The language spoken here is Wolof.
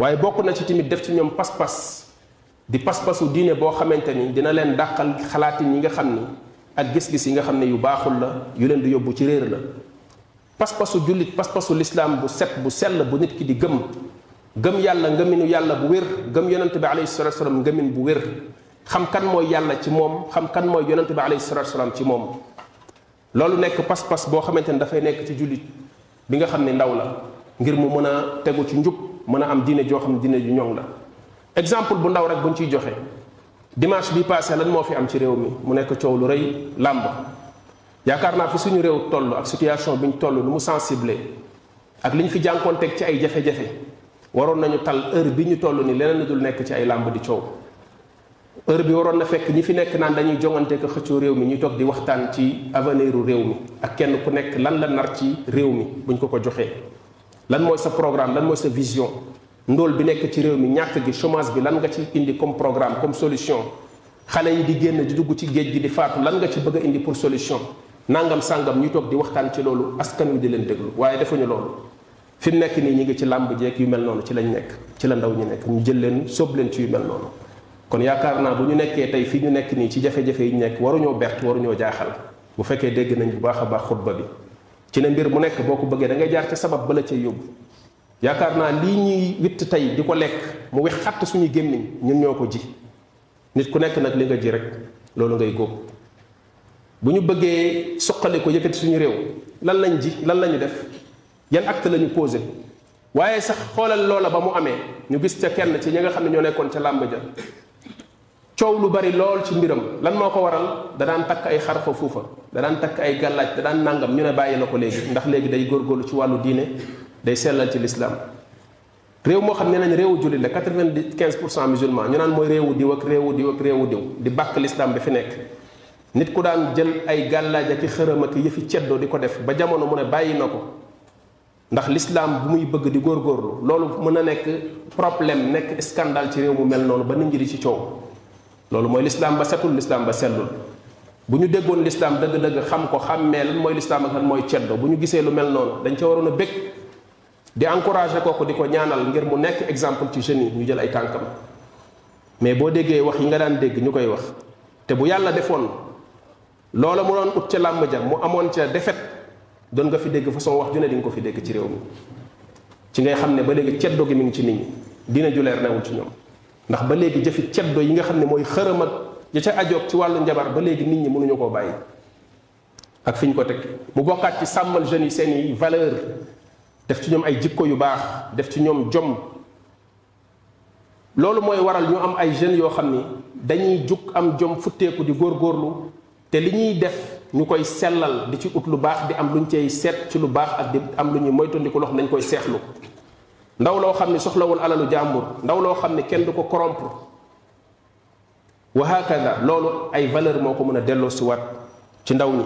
waaye bokk na ci timit def ci ñoom pas-pas di pas-pasu diine boo xamante ni dina leen dàqal xalaati ñi nga xam ni ak gis-gis yi nga xam ne yu baaxul la yu leen di yóbbu ci réer la pas-pasu jullit pas-pasu lislaam bu set bu sell bu nit ki di gëm gëm yàlla ngëminu yàlla bu wér gëm yonente bi alayhi salatu wasalam ngëmin bu wér xam kan mooy yàlla ci moom xam kan mooy yonente bi alayhi salatu ci moom loolu nekk pas-pas boo xamante ni dafay nekk ci jullit bi nga xam ne ndaw la ngir mu mën a tegu ci njub mën a am diine joo xam ne diine ju ñoŋ la exemple bu ndaw rek buñ ciy joxee dimanche bi passé lan moo fi am ci réew mi mu nekk coow lu rey làmb yaakaar naa fi suñu réew toll ak situation bi ñu toll lu mu sensible ak li ñu fi jànkoonteeg ci ay jafe waroon nañu tal heure bi ñu toll ni leneen dul nekk ci ay làmb di coow bi waroon na fekk ñi fi nekk naan dañuy jongante ko xëccoo réew mi ñuy toog di waxtaan ci aveniru réew mi ak kenn ku nekk lan la nar ci réew mi buñ ko ko joxee lan mooy sa programme lan mooy sa vision ndool bi nekk ci réew mi ñàkk gi chômage bi lan nga ci indi comme programme comme solution xale yi di génn di dugg ci géej gi di faatu lan nga ci bëgg a indi pour solution nangam sàngam ñu toog di waxtaan ci loolu askan wi di leen déglu waaye defuñu loolu fi mu nekk nii ñu ngi ci làmb jeeg yu mel noonu ci lañ nekk ci la ndaw ñu nekk ñu jël leen sóob ci yu mel noonu kon yaakaar naa bu ñu nekkee tey fi ñu nekk nii ci jafe yi ñu nekk waruñoo bert waruñoo jaaxal bu fekkee dégg nañ bu baax a baax xutba bi ci ne mbir mu nekk boo ko bëggee dangay jaar ci sabab ba la cay yóbbu yaakaar naa lii ñuy witt tey di ko lekk mu wex xatt suñu gémmiñ ñun ñoo ko ji nit ku nekk nag li nga ji rek loolu ngay góob bu ñu bëggee suqali ko yëkkati suñu réew lan lañ ji lan lañu def yan acte la ñu posé waaye sax xoolal loola ba mu amee ñu gis ca kenn ci ñi nga xam ne ñoo nekkoon ca làmb ja coow lu bari lool ci mbiram lan moo ko waral da daan takk ay xarfa fuufa da daan takk ay gàllaaj da daan nàngam ñu ne bàyyi na ko léegi ndax léegi day góorgóorlu ci wàllu diine day sellal ci lislaam réew moo xam ne nañ réewu jullit la quatre-vingt-quinze pour cent musulman ñu naan mooy réewu diw ak réewu diw ak réewu diw di bàkk lislaam bi fi nekk nit ku daan jël ay gàllaaj ak i xërëm ak ceddoo di ko def ba jamono mu ne bàyyi na ko ndax lislaam bu muy bëgg di góor góorgóorlu loolu mën a nekk problème nekk scandale ci réew mu mel noonu ba nit di ci coow loolu mooy lislaam ba setul lislaam ba sellul bu ñu déggoon lislaam dëgg-dëgg xam ko xàmmee lan mooy lislaam ak lan mooy ceddo bu ñu gisee lu mel noonu dañ ca waroon a bëgg di encouragé kooku di ko ñaanal ngir mu nekk exemple ci jeunes yi ñu jël ay tànkam mais boo déggee wax yi nga daan dégg ñu koy wax te bu yàlla defoon loola mu doon ut ca làmb ja mu amoon ca defet doon nga fi dégg façon wax ju ne di nga ko fi dégg ci réew mi ci ngay xam ne ba léegi ceddo gi mi ngi ci nit dina ju leer ci ñoom ndax ba léegi jëfi ceddo yi nga xam ne mooy xërëm ak ca ajoog ci wàllu njabar ba léegi nit ñi mënuñu koo bàyyi ak fi ñu ko teg mu bokkaat ci sàmmal jeunes yi seen i valeur def ci ñoom ay jikko yu baax def ci ñoom jom loolu mooy waral ñu am ay jeunes yoo xam ni dañuy jug am jom futteeku di góor góorgóorlu te li ñuy def ñu koy sellal di ci ut lu baax di am lu ñu cay seet ci lu baax ak di am lu ñuy moytandiku lox nañ koy seexlu ndaw loo xam ne soxlawul alalu jàmbur ndaw loo xam ne kenn du ko corrompre wa hakada loolu ay valeur moo ko mën a delloo si waat ci ndaw ñi